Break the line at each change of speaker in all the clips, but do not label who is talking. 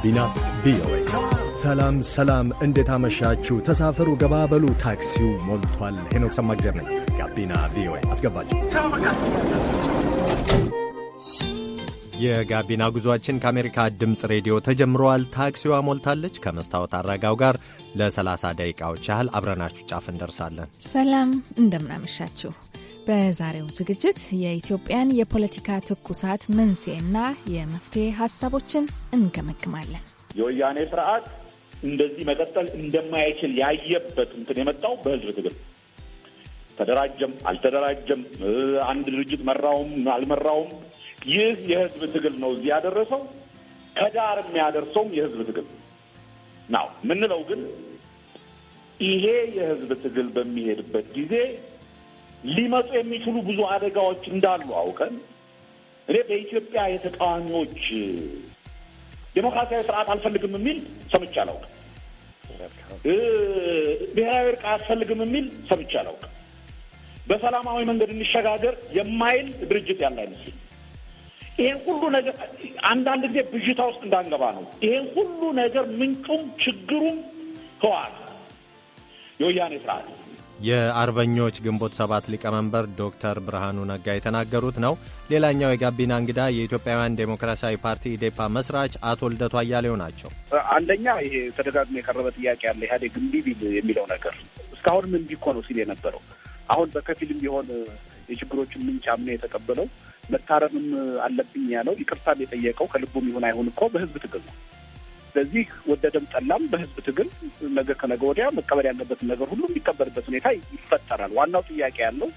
ጋቢና ቪኦኤ። ሰላም ሰላም፣ እንዴት አመሻችሁ? ተሳፈሩ፣ ገባበሉ፣ ታክሲው ሞልቷል። ሄኖክ ሰማግዜር ነኝ። ጋቢና ቪኦኤ አስገባችሁ። የጋቢና ጉዞአችን ከአሜሪካ ድምፅ ሬዲዮ ተጀምረዋል። ታክሲዋ ሞልታለች። ከመስታወት አረጋው ጋር ለ30 ደቂቃዎች ያህል አብረናችሁ ጫፍ እንደርሳለን።
ሰላም እንደምናመሻችሁ በዛሬው ዝግጅት የኢትዮጵያን የፖለቲካ ትኩሳት መንስኤና የመፍትሄ ሀሳቦችን እንገመግማለን። የወያኔ ስርዓት እንደዚህ መቀጠል እንደማይችል ያየበት እንትን የመጣው በህዝብ ትግል ተደራጀም አልተደራጀም፣ አንድ ድርጅት መራውም አልመራውም፣ ይህ የህዝብ ትግል ነው እዚህ ያደረሰው። ከዳር የሚያደርሰውም የህዝብ ትግል ነው። ምንለው ግን ይሄ የህዝብ ትግል በሚሄድበት ጊዜ ሊመጡ የሚችሉ ብዙ አደጋዎች እንዳሉ አውቀን እኔ በኢትዮጵያ የተቃዋሚዎች ዴሞክራሲያዊ ስርዓት አልፈልግም የሚል ሰምቼ አላውቅም። ብሔራዊ እርቅ አያስፈልግም የሚል ሰምቼ አላውቅም። በሰላማዊ መንገድ እንሸጋገር የማይል ድርጅት ያለ አይመስል። ይሄን ሁሉ ነገር አንዳንድ ጊዜ ብዥታ ውስጥ እንዳንገባ ነው። ይሄን ሁሉ ነገር ምንጩም ችግሩም ህወሓት የወያኔ ስርዓት
የአርበኞች ግንቦት ሰባት ሊቀመንበር ዶክተር ብርሃኑ ነጋ የተናገሩት ነው። ሌላኛው የጋቢና እንግዳ የኢትዮጵያውያን ዴሞክራሲያዊ ፓርቲ ኢዴፓ መስራች አቶ ልደቱ አያሌው ናቸው።
አንደኛ ይሄ ተደጋግሞ የቀረበ ጥያቄ አለ። ኢህአዴግ እምቢ ቢል የሚለው ነገር እስካሁንም እምቢ እኮ ነው ሲል የነበረው አሁን በከፊልም ቢሆን የችግሮችን ምንጭ አምኖ የተቀበለው መታረምም አለብኝ ያለው ይቅርታም የጠየቀው ከልቡም ይሁን አይሁን እኮ በህዝብ ትግል ነው። ስለዚህ ወደደም ጠላም በህዝብ ትግል ነገ ከነገ ወዲያ መቀበል ያለበትን ነገር ሁሉ የሚቀበልበት ሁኔታ ይፈጠራል። ዋናው ጥያቄ ያለው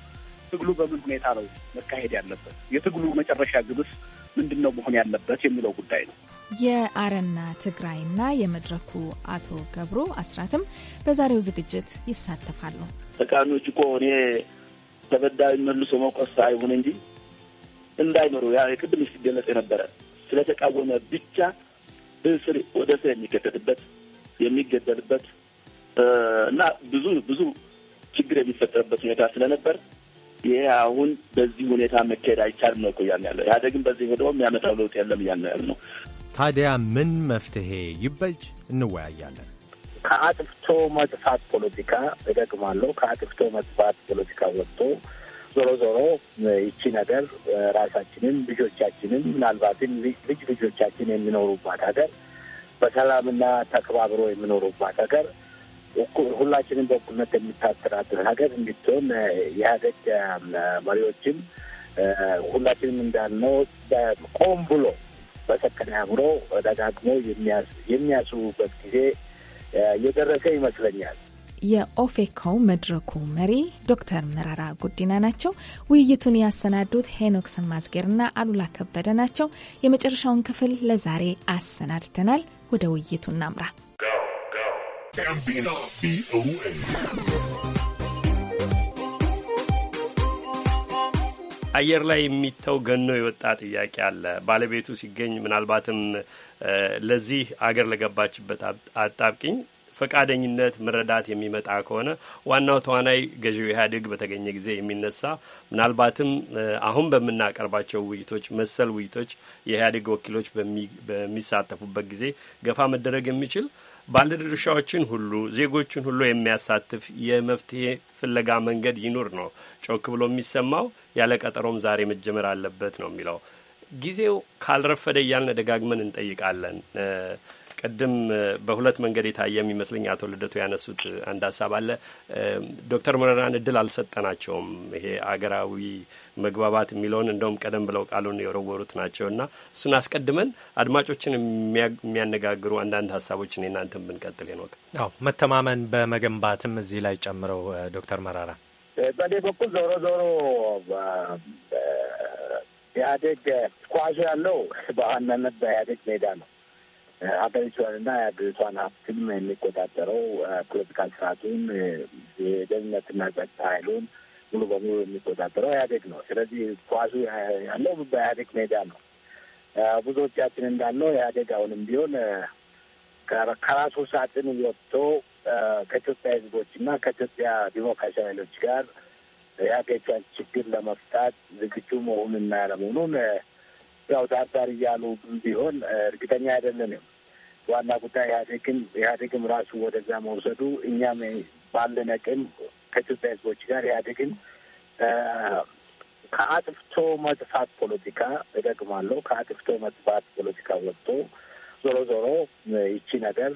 ትግሉ በምን ሁኔታ ነው መካሄድ ያለበት፣ የትግሉ መጨረሻ ግብስ ምንድን ነው መሆን ያለበት የሚለው ጉዳይ ነው። የአረና ትግራይና የመድረኩ አቶ ገብሩ አስራትም በዛሬው ዝግጅት ይሳተፋሉ። ተቃዋሚዎች እኮ እኔ ተበዳይ መልሶ መቆስ አይሁን እንጂ እንዳይኖሩ ያ ቅድም ሲገለጽ የነበረ ስለተቃወመ ብቻ እስር ወደ እስር የሚገደልበት የሚገደልበት እና ብዙ ብዙ ችግር የሚፈጠርበት ሁኔታ ስለነበር ይሄ አሁን በዚህ ሁኔታ መካሄድ አይቻልም ነው እኮ እያልን ያለው። ኢህአዴግን በዚህ ሄደው የሚያመጣው ለውጥ የለም እያልን ያለ ነው።
ታዲያ ምን መፍትሄ ይበጅ እንወያያለን።
ከአጥፍቶ መጥፋት ፖለቲካ እደግማለሁ፣ ከአጥፍቶ መጥፋት ፖለቲካ ወጥቶ ዞሮ ዞሮ ይቺ ነገር ራሳችንን፣ ልጆቻችንን ምናልባትም ልጅ ልጆቻችን የሚኖሩባት ሀገር፣ በሰላምና ተከባብሮ የሚኖሩባት ሀገር፣ ሁላችንም በእኩልነት የሚታስተዳድር ሀገር እንድትሆን የሀገር መሪዎችም ሁላችንም እንዳልነው ቆም ብሎ በሰከነ አእምሮ ደጋግሞ የሚያስቡበት ጊዜ የደረሰ ይመስለኛል። የኦፌኮው መድረኩ መሪ ዶክተር መረራ ጉዲና ናቸው። ውይይቱን ያሰናዱት ሄኖክ ሰማዝጌርና አሉላ ከበደ ናቸው። የመጨረሻውን ክፍል ለዛሬ አሰናድተናል። ወደ ውይይቱ
እናምራ። አየር ላይ የሚተው ገኖ የወጣ ጥያቄ አለ። ባለቤቱ ሲገኝ ምናልባትም ለዚህ አገር ለገባችበት አጣብቂኝ ፈቃደኝነት፣ መረዳት የሚመጣ ከሆነ ዋናው ተዋናይ ገዢው ኢህአዴግ በተገኘ ጊዜ የሚነሳ ምናልባትም አሁን በምናቀርባቸው ውይይቶች መሰል ውይይቶች የኢህአዴግ ወኪሎች በሚሳተፉበት ጊዜ ገፋ መደረግ የሚችል ባለድርሻዎችን ሁሉ ዜጎችን ሁሉ የሚያሳትፍ የመፍትሄ ፍለጋ መንገድ ይኑር ነው ጮክ ብሎ የሚሰማው። ያለ ቀጠሮም ዛሬ መጀመር አለበት ነው የሚለው። ጊዜው ካልረፈደ እያልን ደጋግመን እንጠይቃለን። ቅድም በሁለት መንገድ የታየ የሚመስለኝ አቶ ልደቱ ያነሱት አንድ ሀሳብ አለ። ዶክተር መረራን እድል አልሰጠናቸውም። ይሄ አገራዊ መግባባት የሚለውን እንደውም ቀደም ብለው ቃሉን የወረወሩት ናቸው እና እሱን አስቀድመን አድማጮችን የሚያነጋግሩ አንዳንድ ሀሳቦችን የናንተን ብንቀጥል ሄኖክ።
አዎ መተማመን በመገንባትም እዚህ ላይ ጨምረው ዶክተር መረራ
በእኔ በኩል ዞሮ ዞሮ ኢህአዴግ ኳሱ ያለው በዋናነት በኢህአዴግ ሜዳ ነው። አገሪቷን እና የአገሪቷን ሀብትም የሚቆጣጠረው ፖለቲካል ስርዓቱን የደህንነትና ጸጥታ ኃይሉን ሙሉ በሙሉ የሚቆጣጠረው ኢህአዴግ ነው። ስለዚህ ኳሱ ያለው በኢህአዴግ ሜዳ ነው። ብዙዎቻችን እንዳለው ኢህአዴግ አሁንም ቢሆን ከራሱ ሳጥን ወጥቶ ከኢትዮጵያ ህዝቦች እና ከኢትዮጵያ ዲሞክራሲያዊ ኃይሎች ጋር የሀገሪቷን ችግር ለመፍታት ዝግጁ መሆኑን መሆኑንና ያለመሆኑን ያው ዳርዳር እያሉ ቢሆን እርግጠኛ አይደለንም። ዋና ጉዳይ ኢህአዴግም ኢህአዴግም ራሱ ወደዛ መውሰዱ እኛም ባለን አቅም ከኢትዮጵያ ህዝቦች ጋር ኢህአዴግን ከአጥፍቶ መጥፋት ፖለቲካ እደግማለሁ፣ ከአጥፍቶ መጥፋት ፖለቲካ ወጥቶ ዞሮ ዞሮ ይቺ ነገር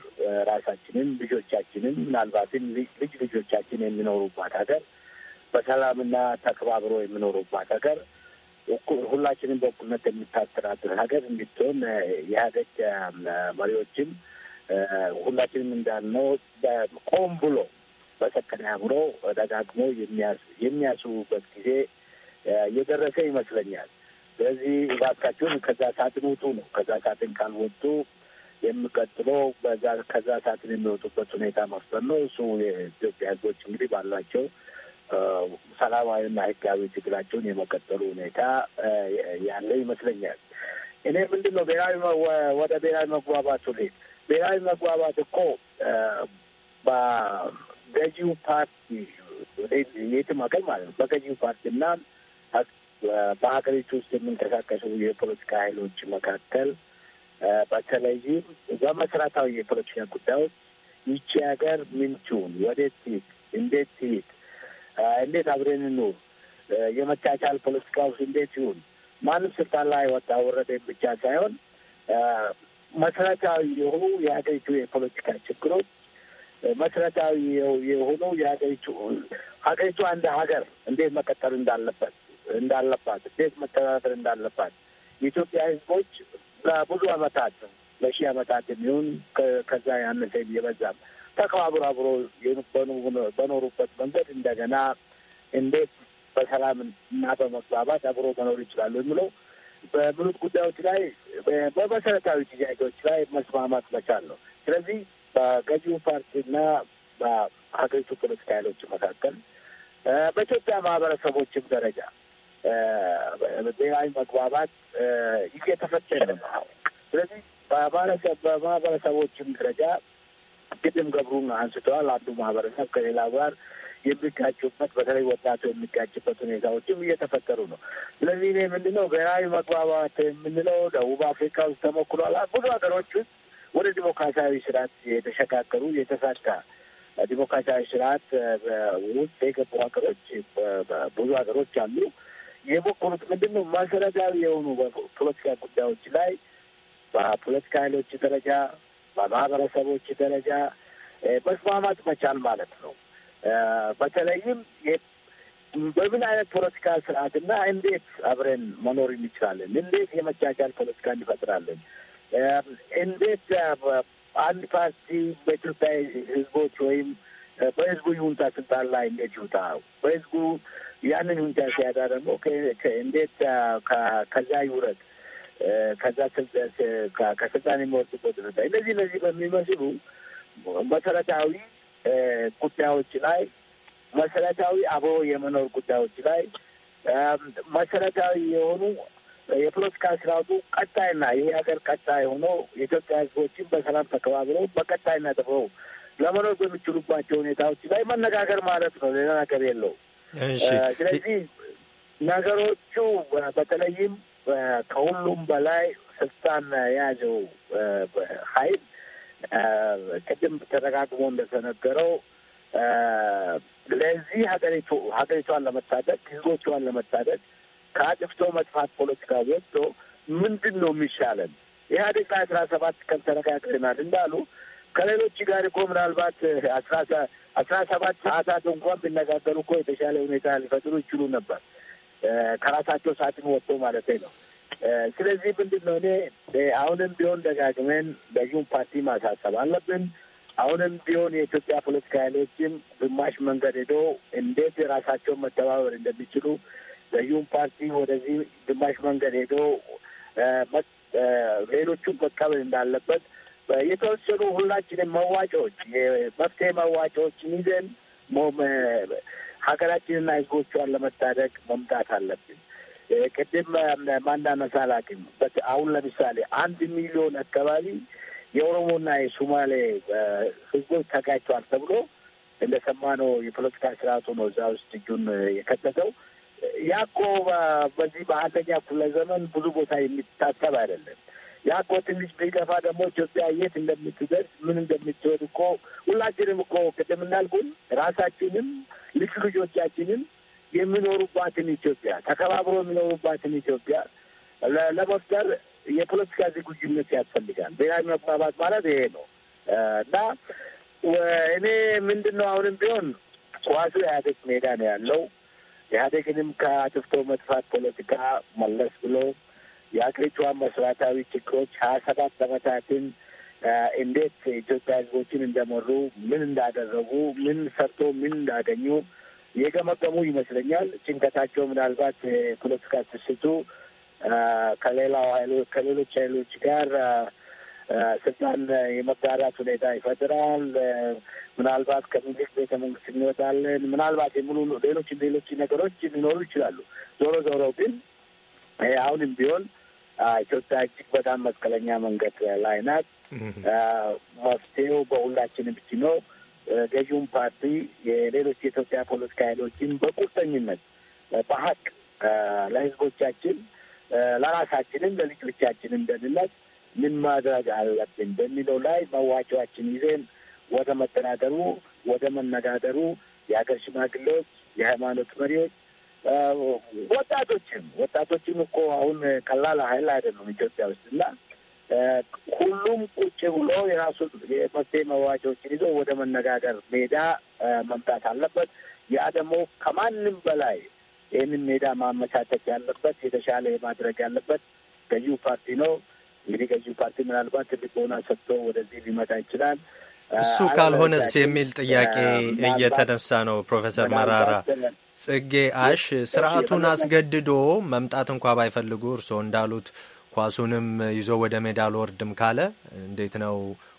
ራሳችንም ልጆቻችንም ምናልባትም ልጅ ልጆቻችን የሚኖሩባት ሀገር በሰላምና ተከባብሮ የሚኖሩባት ሀገር ሁላችንም በእኩልነት የምታስተዳድር ሀገር እንድትሆን የኢህአዴግ መሪዎችም ሁላችንም እንዳልነው ቆም ብሎ በሰከነ አእምሮ ደጋግሞ የሚያስቡበት ጊዜ የደረሰ ይመስለኛል። ስለዚህ እባካችሁን ከዛ ሳጥን ውጡ ነው። ከዛ ሳጥን ካልወጡ የሚቀጥለው ከዛ ሳጥን የሚወጡበት ሁኔታ መፍጠር ነው። እሱ የኢትዮጵያ ሕዝቦች እንግዲህ ባላቸው ሰላማዊና ህጋዊ ትግላቸውን የመቀጠሉ ሁኔታ ያለ ይመስለኛል። እኔ ምንድን ነው ብሔራዊ ወደ ብሔራዊ መግባባቱ ልሂድ። ብሔራዊ መግባባት እኮ በገዢው ፓርቲ የትም ሀገር ማለት ነው በገዢው ፓርቲና በሀገሪቱ ውስጥ የምንቀሳቀሱ የፖለቲካ ኃይሎች መካከል በተለይም በመሰረታዊ የፖለቲካ ጉዳዮች ይቺ ሀገር ምን ትሁን፣ ወዴት እንዴት ትሂድ እንዴት አብሬን እንኑር፣ የመቻቻል ፖለቲካ ውስጥ እንዴት ይሁን፣ ማንም ስልጣን ላይ ወጣ ወረደ ብቻ ሳይሆን መሰረታዊ የሆኑ የሀገሪቱ የፖለቲካ ችግሮች መሰረታዊ የሆኑ የሀገሪቱ ሀገሪቱ አንድ ሀገር እንዴት መቀጠል እንዳለበት እንዳለባት እንዴት መተዳደር እንዳለባት የኢትዮጵያ ሕዝቦች ለብዙ ዓመታት ለሺህ ዓመታት የሚሆን ከዛ ያነሰ የበዛም ተከባብሮ አብሮ በኖሩበት መንገድ እንደገና እንዴት በሰላም እና በመግባባት አብሮ መኖር ይችላሉ የሚለው በምኑት ጉዳዮች ላይ በመሰረታዊ ጥያቄዎች ላይ መስማማት መቻል ነው። ስለዚህ በገዢው ፓርቲ ፓርቲና በሀገሪቱ ፖለቲካ ኃይሎች መካከል በኢትዮጵያ ማህበረሰቦችም ደረጃ ብሔራዊ መግባባት እየተፈጠረ ነው። ስለዚህ በማህበረሰቦችም ደረጃ ግድም ገብሩም አንስተዋል። አንዱ ማህበረሰብ ከሌላ ጋር የሚጋጩበት በተለይ ወጣቱ የሚጋጭበት ሁኔታዎችም እየተፈጠሩ ነው። ስለዚህ እኔ ምንድነው ብሔራዊ መግባባት የምንለው ደቡብ አፍሪካ ውስጥ ተሞክሯል። ብዙ ሀገሮች ውስጥ ወደ ዲሞክራሲያዊ ስርዓት የተሸጋገሩ የተሳካ ዲሞክራሲያዊ ስርዓት ውስጥ የገቡ ሀገሮች ብዙ ሀገሮች አሉ። የሞከሩት ምንድነው መሰረታዊ የሆኑ ፖለቲካ ጉዳዮች ላይ በፖለቲካ ኃይሎች ደረጃ በማህበረሰቦች ደረጃ መስማማት መቻል ማለት ነው። በተለይም በምን አይነት ፖለቲካ ስርዓትና እንዴት አብረን መኖር እንችላለን? እንዴት የመቻቻል ፖለቲካ እንፈጥራለን? እንዴት አንድ ፓርቲ በኢትዮጵያ ህዝቦች ወይም በህዝቡ ይሁንታ ስልጣን ላይ እንዴት ይውጣ? በህዝቡ ያንን ይሁንታ ሲያዳ ደግሞ እንዴት ከዛ ይውረድ? ከዛ ከስልጣን የሚወርዱበት ሁኔታ እነዚህ እነዚህ በሚመስሉ መሰረታዊ ጉዳዮች ላይ መሰረታዊ አብሮ የመኖር ጉዳዮች ላይ መሰረታዊ የሆኑ የፖለቲካ ስርዓቱ ቀጣይና ይህ ሀገር ቀጣይ ሆኖ የኢትዮጵያ ሕዝቦችን በሰላም ተከባብሮ በቀጣይና ተብሮ ለመኖር በሚችሉባቸው ሁኔታዎች ላይ መነጋገር ማለት ነው። ሌላ ነገር የለው። ስለዚህ ነገሮቹ በተለይም ከሁሉም በላይ ስልጣን የያዘው ኃይል ቅድም ተደጋግሞ እንደተነገረው ለዚህ ሀገሪቱ ሀገሪቷን ለመታደግ ህዝቦቿን ለመታደግ ከአጥፍቶ መጥፋት ፖለቲካ ወጥቶ ምንድን ነው የሚሻለን? ኢህአዴግ ላይ አስራ ሰባት ቀን ተነጋግረናል እንዳሉ ከሌሎች ጋር እኮ ምናልባት አስራ ሰባት ሰዓታት እንኳን ቢነጋገሩ እኮ የተሻለ ሁኔታ ሊፈጥሩ ይችሉ ነበር። ከራሳቸው ሳጥን ወጥቶ ማለት ነው። ስለዚህ ምንድን ነው እኔ አሁንም ቢሆን ደጋግመን በዚሁም ፓርቲ ማሳሰብ አለብን። አሁንም ቢሆን የኢትዮጵያ ፖለቲካ ኃይሎችም ግማሽ መንገድ ሄዶ እንዴት የራሳቸውን መተባበር እንደሚችሉ በዚሁም ፓርቲ ወደዚህ ግማሽ መንገድ ሄዶ ሌሎቹን መቀበል እንዳለበት የተወሰኑ ሁላችንም መዋጮዎች የመፍትሄ መዋጮዎችን ይዘን ሀገራችንና ህዝቦቿን ለመታደግ መምጣት አለብን። ቅድም ማናነሳ አላውቅም። አሁን ለምሳሌ አንድ ሚሊዮን አካባቢ የኦሮሞና የሶማሌ ህዝቦች ተጋጭተዋል ተብሎ እንደሰማነው የፖለቲካ ስርዓቱ ነው እዛ ውስጥ እጁን የከተተው። ያኮ በዚህ በአንደኛ ክፍለ ዘመን ብዙ ቦታ የሚታሰብ አይደለም። የአጎት ትንሽ ቢገፋ ደግሞ ኢትዮጵያ የት እንደምትደርስ ምን እንደምትወድ እኮ ሁላችንም እኮ ቅድም ራሳችንም ልጅ ልጆቻችንም የሚኖሩባትን ኢትዮጵያ ተከባብሮ የሚኖሩባትን ኢትዮጵያ ለመፍጠር የፖለቲካ ዝግጁነት ያስፈልጋል። ብሔራዊ መግባባት ማለት ይሄ ነው እና እኔ ምንድን ነው አሁንም ቢሆን ኳሱ ኢህአዴግ ሜዳ ነው ያለው። ኢህአዴግንም ከአጥፍቶ መጥፋት ፖለቲካ መለስ ብሎ የአገሪቷን መሰረታዊ ችግሮች ሀያ ሰባት ዓመታትን እንዴት የኢትዮጵያ ህዝቦችን እንደመሩ፣ ምን እንዳደረጉ፣ ምን ሰርቶ ምን እንዳገኙ የገመገሙ ይመስለኛል። ጭንቀታቸው ምናልባት የፖለቲካ ስስቱ ከሌላው ሀይሎ ከሌሎች ሀይሎች ጋር ስልጣን የመጋራት ሁኔታ ይፈጥራል። ምናልባት ከምኒልክ ቤተ መንግስት እንወጣለን፣ ምናልባት የሙሉ ሌሎች ሌሎች ነገሮች ሊኖሩ ይችላሉ። ዞሮ ዞሮ ግን አሁንም ቢሆን ኢትዮጵያ እጅግ በጣም መስቀለኛ መንገድ ላይ ናት። መፍትሄው በሁላችንም እጅ ነው። ገዢውን ፓርቲ፣ የሌሎች የኢትዮጵያ ፖለቲካ ኃይሎችን በቁርጠኝነት በሀቅ ለህዝቦቻችን፣ ለራሳችንም፣ ለልጆቻችንም ደህንነት ምን ማድረግ አለብን በሚለው ላይ መዋጮችን ይዘን ወደ መደራደሩ ወደ መነጋገሩ የሀገር ሽማግሌዎች፣ የሃይማኖት መሪዎች ወጣቶችም ወጣቶችም እኮ አሁን ቀላል ሀይል አይደለም ኢትዮጵያ ውስጥ እና ሁሉም ቁጭ ብሎ የራሱን የመፍትሄ መዋጫዎችን ይዞ ወደ መነጋገር ሜዳ መምጣት አለበት። ያ ደግሞ ከማንም በላይ ይህንን ሜዳ ማመቻቸት ያለበት የተሻለ የማድረግ ያለበት ገዢው ፓርቲ ነው። እንግዲህ ገዢው ፓርቲ ምናልባት ትልቅ ሆና ሰጥቶ ወደዚህ ሊመጣ ይችላል። እሱ ካልሆነስ የሚል ጥያቄ እየተነሳ
ነው። ፕሮፌሰር መራራ ጽጌ አሽ ስርዓቱን አስገድዶ መምጣት እንኳ ባይፈልጉ እርስዎ እንዳሉት ኳሱንም ይዞ ወደ ሜዳ አልወርድም ካለ እንዴት ነው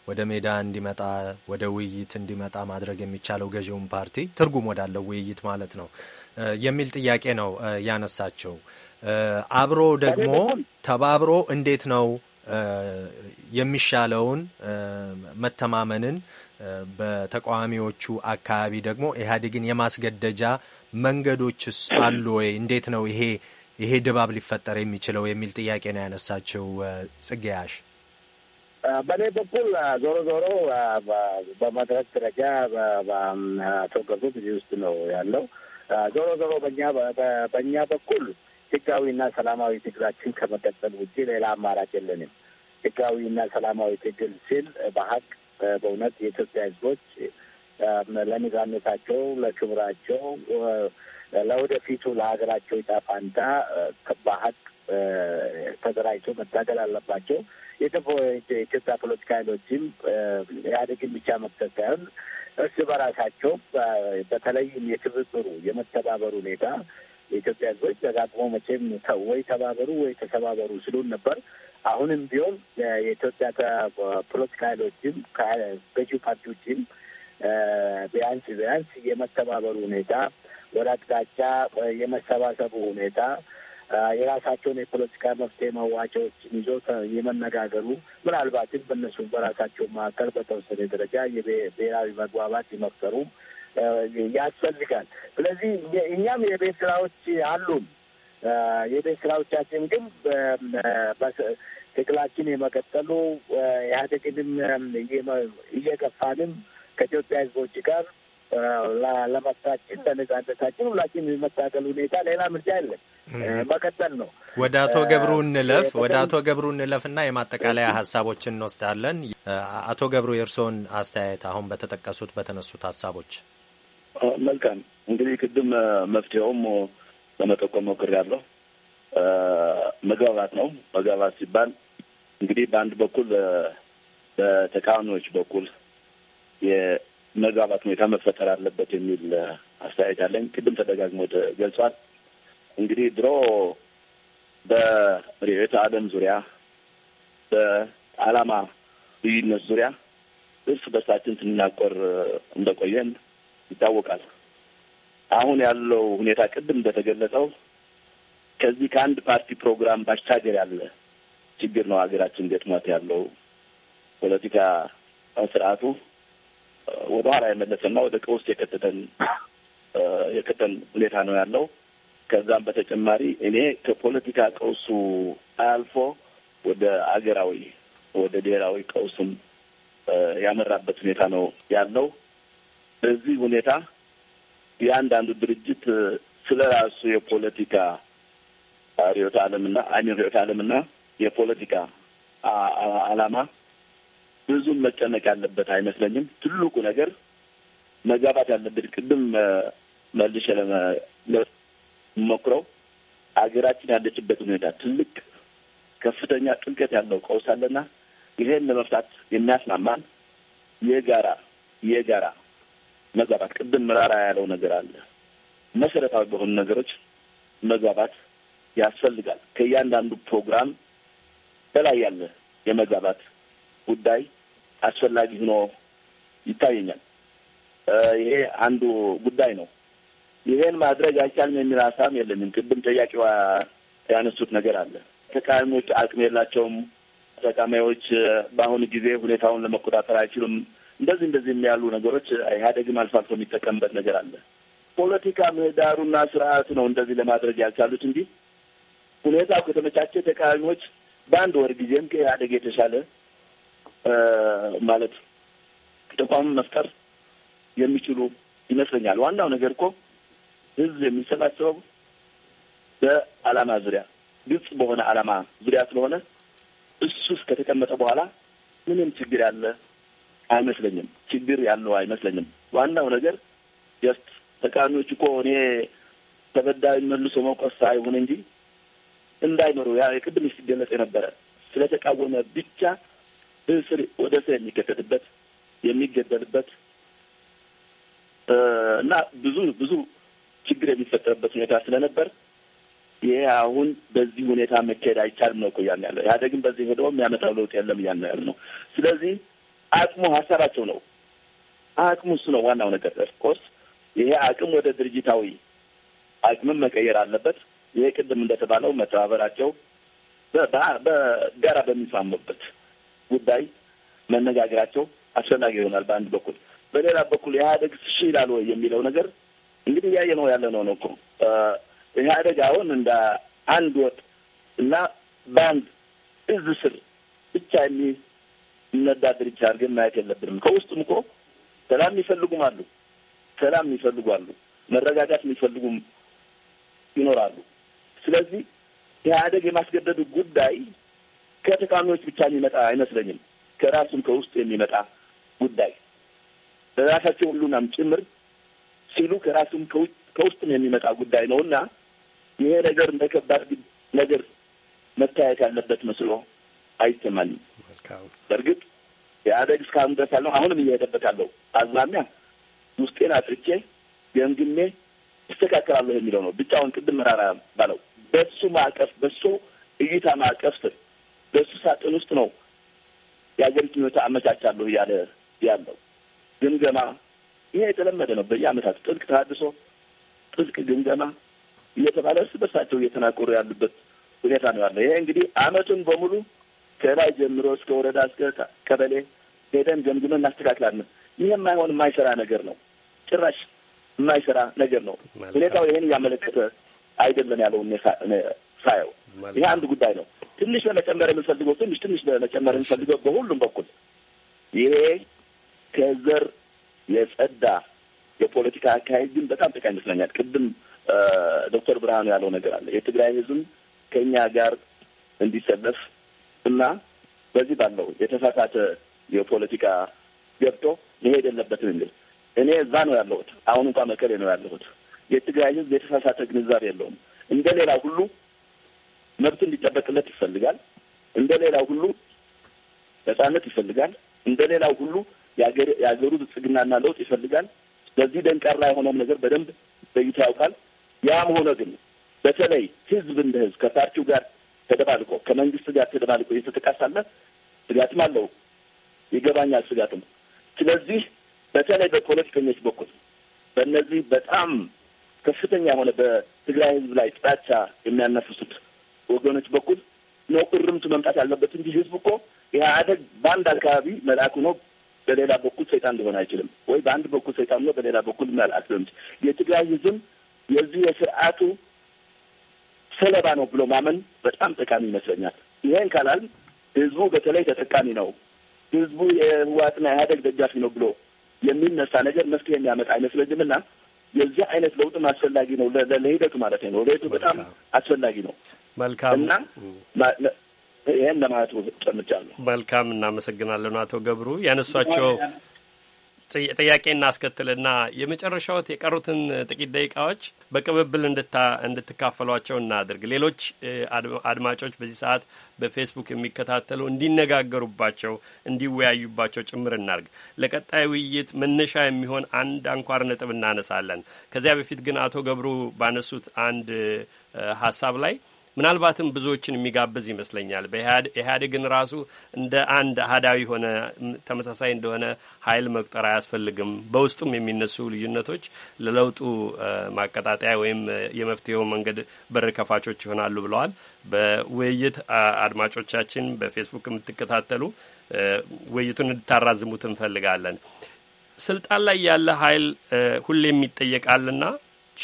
ወደ ሜዳ እንዲመጣ ወደ ውይይት እንዲመጣ ማድረግ የሚቻለው? ገዢውን ፓርቲ ትርጉም ወዳለው ውይይት ማለት ነው የሚል ጥያቄ ነው ያነሳቸው። አብሮ ደግሞ ተባብሮ እንዴት ነው የሚሻለውን መተማመንን በተቃዋሚዎቹ አካባቢ ደግሞ ኢህአዴግን የማስገደጃ መንገዶችስ አሉ ወይ? እንዴት ነው ይሄ ይሄ ድባብ ሊፈጠር የሚችለው የሚል ጥያቄ ነው ያነሳችው ጽጌያሽ።
በእኔ በኩል ዞሮ ዞሮ በመድረክ ደረጃ ተወገዙ ጊዜ ውስጥ ነው ያለው። ዞሮ ዞሮ በእኛ በእኛ በኩል ህጋዊና ሰላማዊ ትግላችን ከመቀጠል ውጭ ሌላ አማራጭ የለንም። ህጋዊና ሰላማዊ ትግል ሲል በሀቅ በእውነት የኢትዮጵያ ህዝቦች ለነጻነታቸው፣ ለክብራቸው፣ ለወደፊቱ ለሀገራቸው ዕጣ ፈንታ በሀቅ ተደራጅቶ መታገል አለባቸው። የኢትዮጵያ ፖለቲካ ኃይሎችም ኢህአዴግን ብቻ መክሰስ ሳይሆን እርስ በራሳቸው በተለይም የትብብሩ የመተባበሩ ሁኔታ የኢትዮጵያ ሕዝቦች ደጋግሞ መቼም ወይ ተባበሩ ወይ ተሰባበሩ ስሉን ነበር። አሁንም ቢሆን የኢትዮጵያ ፖለቲካ ኃይሎችም ከገዢው ፓርቲዎችም ቢያንስ ቢያንስ የመተባበሩ ሁኔታ ወደ አቅጣጫ የመሰባሰቡ ሁኔታ የራሳቸውን የፖለቲካ መፍትሄ መዋጫዎችን ይዞ የመነጋገሩ ምናልባትም በእነሱ በራሳቸው መካከል በተወሰነ ደረጃ የብሔራዊ መግባባት የመፍጠሩ ያስፈልጋል። ስለዚህ እኛም የቤት ስራዎች አሉን። የቤት ስራዎቻችን ግን ትግላችን የመቀጠሉ ኢህአዴግንም እየገፋንም ከኢትዮጵያ ህዝቦች ጋር ለመብታችን ለነጻነታችን ሁላችን የመታገል ሁኔታ ሌላ ምርጫ የለም፣ መቀጠል ነው።
ወደ አቶ ገብሩ እንለፍ ወደ አቶ ገብሩ እንለፍ እንለፍና የማጠቃለያ ሀሳቦች እንወስዳለን። አቶ ገብሩ የእርስዎን አስተያየት አሁን በተጠቀሱት በተነሱት ሀሳቦች።
መልካም እንግዲህ ቅድም መፍትሄውም ለመጠቆም ሞክሬያለሁ። መግባባት ነው። መግባባት ሲባል እንግዲህ በአንድ በኩል በተቃዋሚዎች በኩል የመግባባት ሁኔታ መፈጠር አለበት የሚል አስተያየት አለኝ። ቅድም ተደጋግሞ ገልጿል። እንግዲህ ድሮ በርዕዮተ ዓለም ዙሪያ በዓላማ ልዩነት ዙሪያ እርስ በርሳችን ስንናቆር እንደቆየን ይታወቃል። አሁን ያለው ሁኔታ ቅድም እንደተገለጸው ከዚህ ከአንድ ፓርቲ ፕሮግራም ባሻገር ያለ ችግር ነው ሀገራችን ገጥሟት ያለው ፖለቲካ ስርዓቱ ወደ ኋላ የመለሰና ወደ ቀውስ የከተተን የከተን ሁኔታ ነው ያለው። ከዛም በተጨማሪ እኔ ከፖለቲካ ቀውሱ አልፎ ወደ አገራዊ ወደ ብሔራዊ ቀውሱም ያመራበት ሁኔታ ነው ያለው። በዚህ ሁኔታ የአንዳንዱ ድርጅት ስለ ራሱ የፖለቲካ ርዕዮተ ዓለምና አይሚን ርዕዮተ ዓለምና የፖለቲካ አላማ። ብዙም መጨነቅ ያለበት አይመስለኝም። ትልቁ ነገር መጋባት ያለበት ቅድም መልሼ ለመሞክረው አገራችን ያለችበት ሁኔታ ትልቅ ከፍተኛ ጥንቀት ያለው ቀውስ አለና ይሄን ለመፍታት የሚያስማማን የጋራ የጋራ መግባባት ቅድም ምራራ ያለው ነገር አለ። መሰረታዊ በሆኑ ነገሮች መግባባት ያስፈልጋል። ከእያንዳንዱ ፕሮግራም በላይ ያለ የመግባባት ጉዳይ አስፈላጊ ሆኖ ይታየኛል። ይሄ አንዱ ጉዳይ ነው። ይሄን ማድረግ አይቻልም የሚል ሀሳብ የለኝም። ቅድም ጠያቂዋ ያነሱት ነገር አለ። ተቃዋሚዎች አቅም የላቸውም፣ ተቃዋሚዎች በአሁኑ ጊዜ ሁኔታውን ለመቆጣጠር አይችሉም፣ እንደዚህ እንደዚህ የሚያሉ ነገሮች ኢህአዴግም አልፎ አልፎ የሚጠቀምበት ነገር አለ። ፖለቲካ ምህዳሩና ስርዓት ነው እንደዚህ ለማድረግ ያልቻሉት እንዲህ ሁኔታው ከተመቻቸ ተቃዋሚዎች በአንድ ወር ጊዜም ከኢህአዴግ የተሻለ ማለት ተቋሙን መፍጠር የሚችሉ ይመስለኛል። ዋናው ነገር እኮ ህዝብ የሚሰባሰበው በዓላማ ዙሪያ ግልጽ በሆነ ዓላማ ዙሪያ ስለሆነ እሱ እስከተቀመጠ በኋላ ምንም ችግር ያለ አይመስለኝም። ችግር ያለው አይመስለኝም። ዋናው ነገር ጀስት ተቃዋሚዎች እኮ እኔ ተበዳይ መልሶ መቆስ አይሁን እንጂ እንዳይኖሩ ያ የቅድም ሲገለጽ የነበረ ስለተቃወመ ብቻ እስር ወደ እስር የሚገደልበት የሚገደልበት እና ብዙ ብዙ ችግር የሚፈጠርበት ሁኔታ ስለነበር ይሄ አሁን በዚህ ሁኔታ መካሄድ አይቻልም ነው እኮ እያልን ያለ ኢህአዴግን በዚህ ሄደው የሚያመጣው ለውጥ የለም እያልን ያለ ነው። ስለዚህ አቅሙ ሀሳባቸው ነው። አቅሙ እሱ ነው ዋናው ነገር። ኦፍኮርስ ይሄ አቅም ወደ ድርጅታዊ አቅምም መቀየር አለበት። ይሄ ቅድም እንደተባለው መተባበራቸው በጋራ በሚስማሙበት ጉዳይ መነጋገራቸው አስፈላጊ ይሆናል። በአንድ በኩል በሌላ በኩል ኢህአዴግ እሺ ይላል ወይ የሚለው ነገር እንግዲህ እያየ ነው ያለ ነው እኮ አሁን እንደ አንድ ወጥ እና በአንድ እዝ ስር ብቻ የሚነዳ ድርጅት አድርገን ማየት የለብንም። ከውስጡም እኮ ሰላም የሚፈልጉም አሉ፣ ሰላም የሚፈልጉ አሉ፣ መረጋጋት የሚፈልጉም ይኖራሉ። ስለዚህ ኢህአዴግ የማስገደዱ ጉዳይ ከተቃዋሚዎች ብቻ የሚመጣ አይመስለኝም። ከራሱም ከውስጥ የሚመጣ ጉዳይ ለራሳቸው ሁሉናም ጭምር ሲሉ ከራሱም ከውስጥም የሚመጣ ጉዳይ ነው እና ይሄ ነገር እንደ ከባድ ነገር መታየት ያለበት መስሎ አይሰማኝም። በእርግጥ የአደግ እስካሁን ድረስ ያለው አሁንም እየሄደበት ያለው አዝማሚያ ውስጤን አጥርቼ ገምግሜ ይስተካከላለሁ የሚለው ነው። ብቻውን ቅድም መራራ ባለው በሱ ማዕቀፍ በሱ እይታ ማዕቀፍ ስር በሱ ሳጥን ውስጥ ነው የአገሪቱን ህይወት አመቻቻለሁ እያለ ያለው ግምገማ። ይሄ የተለመደ ነው። በየአመታት ጥልቅ ተሃድሶ፣ ጥልቅ ግምገማ እየተባለ እርስ በርሳቸው እየተናቆሩ ያሉበት ሁኔታ ነው ያለው። ይሄ እንግዲህ አመቱን በሙሉ ከላይ ጀምሮ እስከ ወረዳ እስከ ቀበሌ ሄደን ገምግመን እናስተካክላለን። ይህ የማይሆን የማይሰራ ነገር ነው። ጭራሽ የማይሰራ ነገር ነው። ሁኔታው ይህን እያመለከተ አይደለም ያለው ሳየው ይሄ አንድ ጉዳይ ነው። ትንሽ ለመጨመር የምንፈልገው ትንሽ ትንሽ ለመጨመር የምንፈልገው በሁሉም በኩል ይሄ ከዘር የጸዳ የፖለቲካ አካሄድ ግን በጣም ጠቃሚ ይመስለኛል። ቅድም ዶክተር ብርሃኑ ያለው ነገር አለ። የትግራይ ህዝብ ከእኛ ጋር እንዲሰለፍ እና በዚህ ባለው የተሳሳተ የፖለቲካ ገብቶ መሄድ የለበትም የሚል እኔ እዛ ነው ያለሁት። አሁን እንኳ መቀሌ ነው ያለሁት። የትግራይ ህዝብ የተሳሳተ ግንዛቤ የለውም እንደ ሌላ ሁሉ መብት እንዲጠበቅለት ይፈልጋል። እንደ ሌላው ሁሉ ነጻነት ይፈልጋል። እንደ ሌላው ሁሉ የሀገሩ ብልጽግናና ለውጥ ይፈልጋል። በዚህ ደንቀራ የሆነውን ነገር በደንብ በይታ ያውቃል። ያም ሆነ ግን በተለይ ህዝብ እንደ ህዝብ ከፓርቲው ጋር ተደባልቆ ከመንግስት ጋር ተደባልቆ እየተጠቃሳለ ስጋትም አለው ይገባኛል፣ ስጋትም። ስለዚህ በተለይ በፖለቲከኞች በኩል በእነዚህ በጣም ከፍተኛ የሆነ በትግራይ ህዝብ ላይ ጥላቻ የሚያነፍሱት ወገኖች በኩል ነው እርምት መምጣት ያለበት እንጂ ህዝብ እኮ ኢህአደግ በአንድ አካባቢ መልአክ ነው በሌላ በኩል ሰይጣን ሊሆን አይችልም። ወይ በአንድ በኩል ሰይጣን ነው በሌላ በኩል መልአክ ሊሆን የትግራይ ህዝብ የዚህ የስርዓቱ ሰለባ ነው ብሎ ማመን በጣም ጠቃሚ ይመስለኛል። ይሄን ካላል ህዝቡ በተለይ ተጠቃሚ ነው፣ ህዝቡ የህወሓትና ኢህአደግ ደጃፊ ነው ብሎ የሚነሳ ነገር መፍትሄ የሚያመጣ አይመስለኝም እና የዚህ አይነት ለውጥም አስፈላጊ ነው ለሂደቱ ማለት ነው። ለሂደቱ በጣም አስፈላጊ ነው። መልካም እና ይህን ለማለት
መልካም እናመሰግናለን አቶ ገብሩ ያነሷቸው ጥያቄ እናስከትልና የመጨረሻዎት የቀሩትን ጥቂት ደቂቃዎች በቅብብል እንድትካፈሏቸው እናድርግ። ሌሎች አድማጮች በዚህ ሰዓት በፌስቡክ የሚከታተሉ እንዲነጋገሩባቸው፣ እንዲወያዩባቸው ጭምር እናድርግ። ለቀጣይ ውይይት መነሻ የሚሆን አንድ አንኳር ነጥብ እናነሳለን። ከዚያ በፊት ግን አቶ ገብሩ ባነሱት አንድ ሀሳብ ላይ ምናልባትም ብዙዎችን የሚጋብዝ ይመስለኛል። በኢህአዴግን ራሱ እንደ አንድ አህዳዊ ሆነ ተመሳሳይ እንደሆነ ኃይል መቁጠር አያስፈልግም። በውስጡም የሚነሱ ልዩነቶች ለለውጡ ማቀጣጠያ ወይም የመፍትሄው መንገድ በር ከፋቾች ይሆናሉ ብለዋል። በውይይት አድማጮቻችን በፌስቡክ የምትከታተሉ ውይይቱን እንድታራዝሙት እንፈልጋለን። ስልጣን ላይ ያለ ኃይል ሁሌም ይጠየቃልና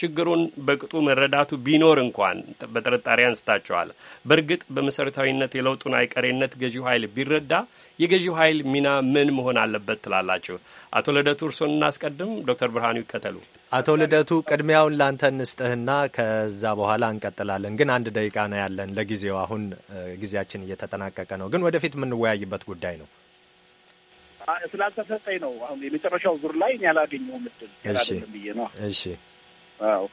ችግሩን በቅጡ መረዳቱ ቢኖር እንኳን በጥርጣሬ አንስታቸዋል። በእርግጥ በመሰረታዊነት የለውጡን አይቀሬነት ገዢው ኃይል ቢረዳ የገዢው ኃይል ሚና ምን መሆን አለበት ትላላችሁ? አቶ ልደቱ እርሶን እናስቀድም፣ ዶክተር ብርሃኑ ይከተሉ።
አቶ ልደቱ ቅድሚያውን ላንተ እንስጥህና ከዛ በኋላ እንቀጥላለን። ግን አንድ ደቂቃ ነው ያለን ለጊዜው። አሁን ጊዜያችን እየተጠናቀቀ ነው፣ ግን ወደፊት የምንወያይበት ጉዳይ ነው።
ስላልተሰጠኝ ነው። አሁን የመጨረሻው ዙር ላይ እኔ አላገኘሁም ብዬ ነው። እሺ አዎ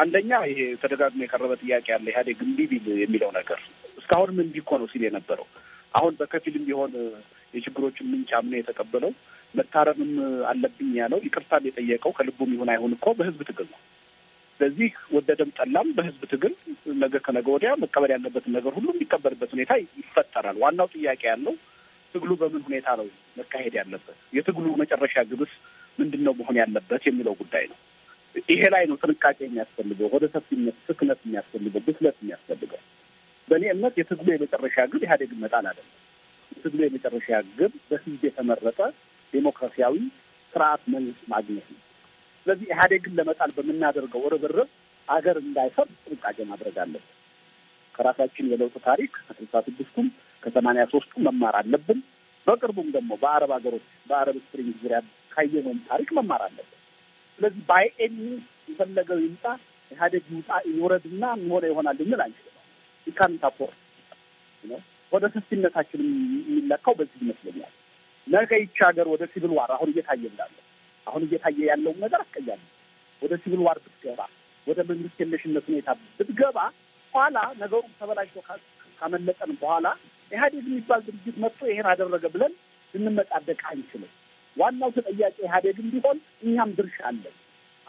አንደኛ ይሄ ተደጋግሞ የቀረበ ጥያቄ አለ። ኢህአዴግ እምቢ ቢል የሚለው ነገር እስካሁንም እምቢ እኮ ነው ሲል የነበረው አሁን በከፊልም ቢሆን የችግሮችን ምንጭ አምኖ የተቀበለው መታረምም አለብኝ ያለው ይቅርታም የጠየቀው ከልቡም ይሁን አይሁን እኮ በህዝብ ትግል ነው። ስለዚህ ወደደም ጠላም በህዝብ ትግል ነገ ከነገ ወዲያ መቀበል ያለበትን ነገር ሁሉ የሚቀበልበት ሁኔታ ይፈጠራል። ዋናው ጥያቄ ያለው ትግሉ በምን ሁኔታ ነው መካሄድ ያለበት፣ የትግሉ መጨረሻ ግብስ ምንድን ነው መሆን ያለበት የሚለው ጉዳይ ነው። ይሄ ላይ ነው ጥንቃቄ የሚያስፈልገው፣ ወደ ሰፊነት፣ ስክነት የሚያስፈልገው፣ ብስለት የሚያስፈልገው። በእኔ እምነት የትግሉ የመጨረሻ ግብ ኢህአዴግ መጣል አይደለም። የትግሉ የመጨረሻ ግብ በህዝብ የተመረጠ ዴሞክራሲያዊ ስርዓት መንግስት ማግኘት ነው። ስለዚህ ኢህአዴግን ለመጣል በምናደርገው ርብርብ አገር እንዳይፈር ጥንቃቄ ማድረግ አለብን። ከራሳችን የለውጥ ታሪክ ከስልሳ ስድስቱም ከሰማንያ ሶስቱ መማር አለብን። በቅርቡም ደግሞ በአረብ ሀገሮች በአረብ ስፕሪንግ ዙሪያ ካየነውም ታሪክ መማር አለብን። ስለዚህ ባይ ኤኒ የፈለገው ይምጣ ኢህአዴግ ይውጣ ይውረድና ሆነ ይሆናል ልንል አንችልም። ኢካን ታፖር ወደ ሰፊነታችን የሚለካው በዚህ ይመስለኛል። ነገ ይቺ ሀገር ወደ ሲቪል ዋር አሁን እየታየ እንዳለ አሁን እየታየ ያለውን ነገር አስቀያለሁ ወደ ሲቪል ዋር ብትገባ ወደ መንግስት የለሽነት ሁኔታ ብትገባ ኋላ ነገሩ ተበላሽቶ ካመለጠን በኋላ ኢህአዴግ የሚባል ድርጅት መጥቶ ይሄን አደረገ ብለን ልንመጣደቅ አንችልም። ዋናው ተጠያቂ ኢህአዴግም ቢሆን እኛም ድርሻ አለን።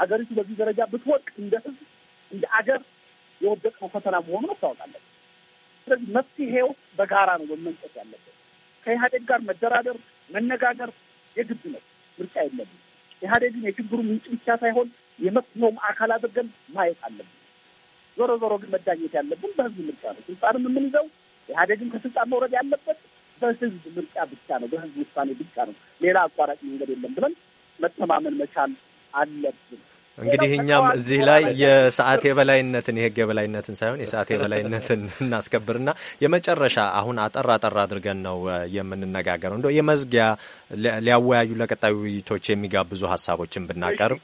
ሀገሪቱ በዚህ ደረጃ ብትወድቅ እንደ ህዝብ እንደ አገር የወደቅነው ፈተና መሆኑ መታወቃለን። ስለዚህ መፍትሄው በጋራ ነው በመንጨት ያለበት። ከኢህአዴግ ጋር መደራደር መነጋገር የግድ ነው፣ ምርጫ የለብን። ኢህአዴግን የችግሩ ምንጭ ብቻ ሳይሆን የመፍትሄውም አካል አድርገን ማየት አለብን። ዞሮ ዞሮ ግን መዳኘት ያለብን በህዝብ ምርጫ ነው። ስልጣንም የምንይዘው ኢህአዴግን ከስልጣን መውረድ ያለበት በህዝብ ምርጫ ብቻ ነው፣ በህዝብ ውሳኔ ብቻ ነው። ሌላ አቋራጭ መንገድ የለም ብለን መተማመን መቻል አለብን። እንግዲህ እኛም እዚህ ላይ
የሰዓት የበላይነትን የህግ የበላይነትን ሳይሆን የሰዓት የበላይነትን እናስከብርና የመጨረሻ አሁን አጠር አጠር አድርገን ነው የምንነጋገረው። እንደው የመዝጊያ ሊያወያዩ ለቀጣዩ ውይይቶች የሚጋብዙ ሀሳቦችን ብናቀርብ።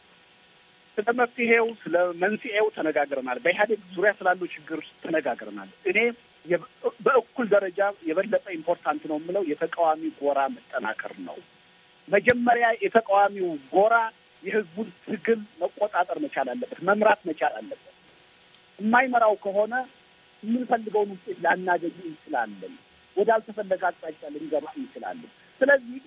ስለ መፍትሄው ስለ መንስኤው ተነጋግረናል። በኢህአዴግ ዙሪያ ስላሉ ችግር ተነጋግረናል። እኔ በእኩል ደረጃ የበለጠ ኢምፖርታንት ነው የምለው የተቃዋሚ ጎራ መጠናከር ነው። መጀመሪያ የተቃዋሚው ጎራ የህዝቡን ትግል መቆጣጠር መቻል አለበት፣ መምራት መቻል አለበት። የማይመራው ከሆነ የምንፈልገውን ውጤት ላናገኝ እንችላለን፣ ወዳልተፈለገ አቅጣጫ ልንገባ እንችላለን። ስለዚህ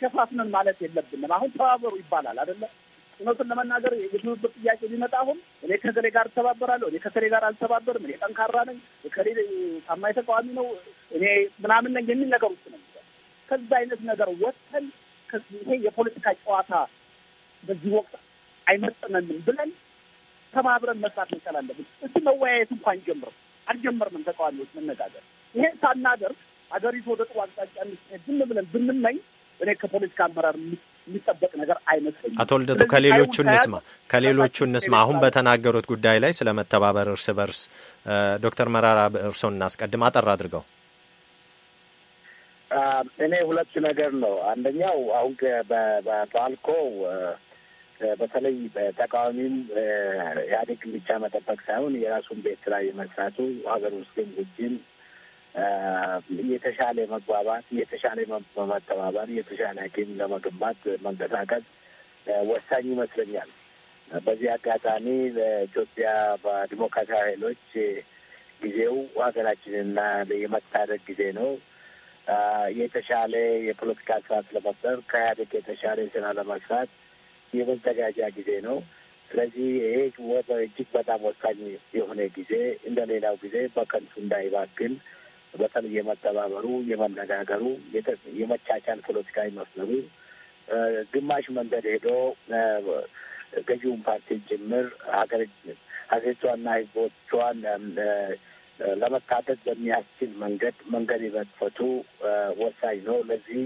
ሸፋፍነን ማለት የለብንም። አሁን ተባበሩ ይባላል አይደለም እውነቱን ለመናገር የትብብር ጥያቄ ቢመጣ አሁን እኔ ከከሌ ጋር እተባበራለሁ፣ እኔ ከከሌ ጋር አልተባበርም፣ እኔ ጠንካራ ነኝ፣ ከሌ ታማኝ ተቃዋሚ ነው፣ እኔ ምናምን ነኝ የሚል ነገር ውስጥ ነው። ከዛ አይነት ነገር ወጥተን ይሄ የፖለቲካ ጨዋታ በዚህ ወቅት አይመጥነንም ብለን ተባብረን መስራት መቻል አለብን። እስቲ መወያየት እንኳን ጀምር አልጀመርንም። ተቃዋሚዎች መነጋገር ይሄን ሳናደርግ አገሪቱ ወደ ጥሩ አቅጣጫ እንድትሄድ ዝም ብለን ብንመኝ እኔ ከፖለቲካ አመራር የሚጠበቅ ነገር አይመስለኝም። አቶ ልደቱ ከሌሎቹ እንስማ
ከሌሎቹ እንስማ አሁን በተናገሩት ጉዳይ ላይ ስለ መተባበር እርስ በርስ ዶክተር መራራ እርሶን እናስቀድም አጠር አድርገው።
እኔ ሁለት ነገር ነው። አንደኛው አሁን ባልኮ በተለይ በተቃዋሚም ኢህአዴግን ብቻ መጠበቅ ሳይሆን የራሱን ቤት ስራ የመስራቱ ሀገር ውስጥም ውጭም የተሻለ መግባባት፣ የተሻለ መተባበር፣ የተሻለ ሀኪም ለመገንባት መንቀሳቀስ ወሳኝ ይመስለኛል። በዚህ አጋጣሚ ለኢትዮጵያ በዲሞክራሲያዊ ኃይሎች ጊዜው ሀገራችንና የመታደግ ጊዜ ነው። የተሻለ የፖለቲካ ስርዓት ለመፍጠር ከኢህአዴግ የተሻለ ስራ ለመስራት የመዘጋጃ ጊዜ ነው። ስለዚህ ይሄ እጅግ በጣም ወሳኝ የሆነ ጊዜ እንደሌላው ጊዜ በከንቱ እንዳይባክን በተለይ የመጠባበሩ፣ የመነጋገሩ፣ የመቻቻል ፖለቲካዊ መስመሩ ግማሽ መንገድ ሄዶ ገዢውን ፓርቲ ጭምር ሀገር ሀገሪቷና ህዝቦቿን ለመታደግ በሚያስችል መንገድ መንገድ የመክፈቱ ወሳኝ ነው። ለዚህ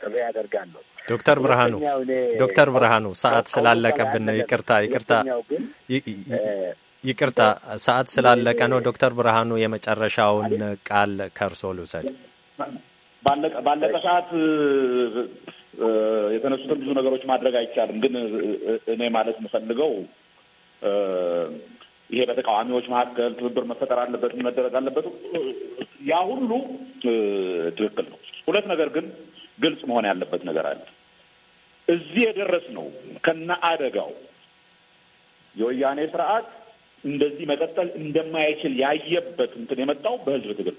ጥሪ አደርጋለሁ።
ዶክተር ብርሃኑ ዶክተር ብርሃኑ ሰዓት ስላለቀብን ነው። ይቅርታ ይቅርታ ይቅርታ ሰዓት ስላለቀ ነው። ዶክተር ብርሃኑ የመጨረሻውን ቃል ከእርሶ ልውሰድ።
ባለቀ ሰዓት የተነሱትን ብዙ ነገሮች ማድረግ አይቻልም። ግን እኔ ማለት የምፈልገው ይሄ በተቃዋሚዎች መካከል ትብብር መፈጠር አለበት፣ መደረግ አለበት። ያ ሁሉ ትክክል ነው። ሁለት ነገር ግን ግልጽ መሆን ያለበት ነገር አለ። እዚህ ነው ከነ አደጋው የወያኔ ስርዓት እንደዚህ መቀጠል እንደማይችል ያየበት እንትን የመጣው በህዝብ ትግል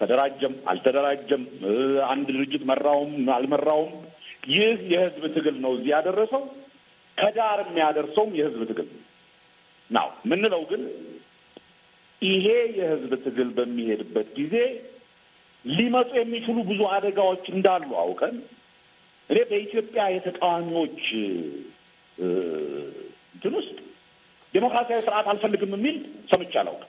ተደራጀም አልተደራጀም፣ አንድ ድርጅት መራውም አልመራውም፣ ይህ የህዝብ ትግል ነው እዚህ ያደረሰው። ከዳር የሚያደርሰውም የህዝብ ትግል ነው የምንለው። ግን ይሄ የህዝብ ትግል በሚሄድበት ጊዜ ሊመጡ የሚችሉ ብዙ አደጋዎች እንዳሉ አውቀን እኔ በኢትዮጵያ የተቃዋሚዎች እንትን ውስጥ ዴሞክራሲያዊ ስርዓት አልፈልግም የሚል ሰምቼ አላውቅ።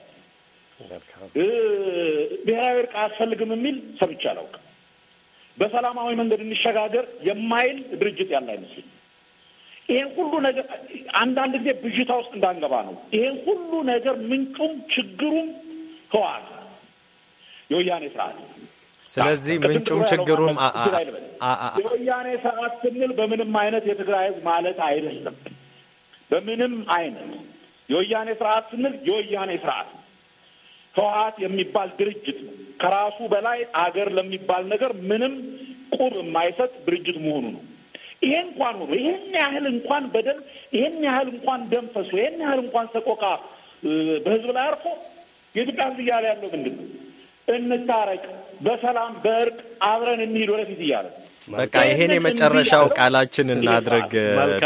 ብሔራዊ እርቅ አያስፈልግም የሚል ሰምቼ አላውቅ። በሰላማዊ መንገድ እንሸጋገር የማይል ድርጅት ያለ አይመስልም። ይሄን ሁሉ ነገር አንዳንድ ጊዜ ብዥታ ውስጥ እንዳንገባ ነው። ይሄን ሁሉ ነገር ምንጩም ችግሩም ህወሓት የወያኔ
ስርዓት። ስለዚህ ምንጩም ችግሩም
የወያኔ ስርዓት ስንል በምንም አይነት የትግራይ ህዝብ ማለት አይደለም። በምንም አይነት የወያኔ ስርዓት ስንል የወያኔ ስርዓት ህወሀት የሚባል ድርጅት ነው። ከራሱ በላይ አገር ለሚባል ነገር ምንም ቁብ የማይሰጥ ድርጅት መሆኑ ነው። ይሄ እንኳን ሆኖ ይሄን ያህል እንኳን በደል፣ ይሄን ያህል እንኳን ደም ፈሶ፣ ይሄን ያህል እንኳን ሰቆቃ በህዝብ ላይ አርፎ የኢትዮጵያ ህዝብ እያለ ያለው ምንድን ነው? እንታረቅ፣ በሰላም በእርቅ አብረን እንሂድ ወደፊት እያለ በቃ ይሄን
የመጨረሻው ቃላችን እናድርግ።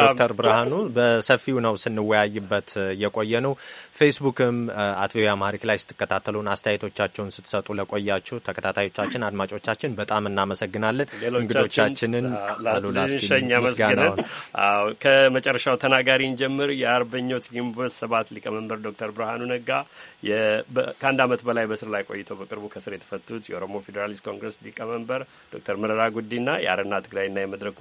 ዶክተር ብርሃኑ በሰፊው ነው ስንወያይበት የቆየ ነው። ፌስቡክም አቶ አማሪክ ላይ ስትከታተሉን አስተያየቶቻችሁን ስትሰጡ ለቆያችሁ ተከታታዮቻችን፣ አድማጮቻችን በጣም እናመሰግናለን። እንግዶቻችንን ሉላስሸኝ
ከመጨረሻው ተናጋሪ እንጀምር። የአርበኞች ግንቦት ሰባት ሊቀመንበር ዶክተር ብርሃኑ ነጋ ከአንድ አመት በላይ በስር ላይ ቆይተው በቅርቡ ከስር የተፈቱት የኦሮሞ ፌዴራሊስት ኮንግረስ ሊቀመንበር ዶክተር መረራ ጉዲና የአረና ትግራይና የመድረኩ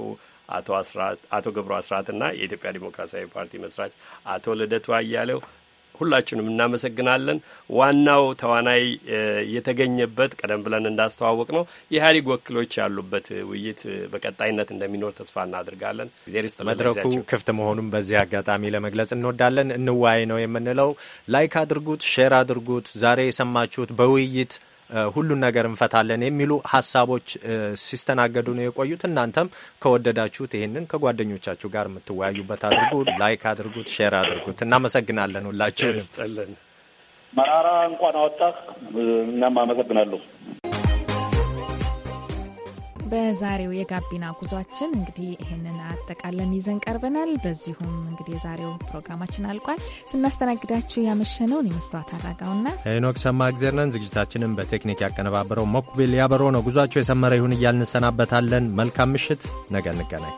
አቶ ገብሩ አስራትና የኢትዮጵያ ዲሞክራሲያዊ ፓርቲ መስራች አቶ ልደቱ አያሌው ሁላችንም እናመሰግናለን። ዋናው ተዋናይ የተገኘበት ቀደም ብለን እንዳስተዋወቅ ነው የኢህአዴግ ወኪሎች ያሉበት ውይይት በቀጣይነት እንደሚኖር ተስፋ እናድርጋለን። መድረኩ
ክፍት መሆኑን በዚህ አጋጣሚ ለመግለጽ እንወዳለን። እንዋይ ነው የምንለው። ላይክ አድርጉት፣ ሼር አድርጉት። ዛሬ የሰማችሁት በውይይት ሁሉን ነገር እንፈታለን የሚሉ ሀሳቦች ሲስተናገዱ ነው የቆዩት። እናንተም ከወደዳችሁት ይህንን ከጓደኞቻችሁ ጋር የምትወያዩበት አድርጉ። ላይክ አድርጉት፣ ሼር አድርጉት። እናመሰግናለን። ሁላችሁ መራራ እንኳን አወጣህ። እናም አመሰግናለሁ። በዛሬው የጋቢና ጉዟችን
እንግዲህ ይህንን አጠቃለን ይዘን ቀርበናል። በዚሁም እንግዲህ የዛሬው ፕሮግራማችን አልቋል። ስናስተናግዳችሁ ያመሸነውን የመስተዋት አራጋውና
ሄኖክ ሰማ እግዜር ዝግጅታችንን በቴክኒክ ያቀነባበረው ሞኩቤል ያበሮ ነው። ጉዟቸው የሰመረ ይሁን እያልን እንሰናበታለን። መልካም ምሽት፣ ነገ እንገናኝ።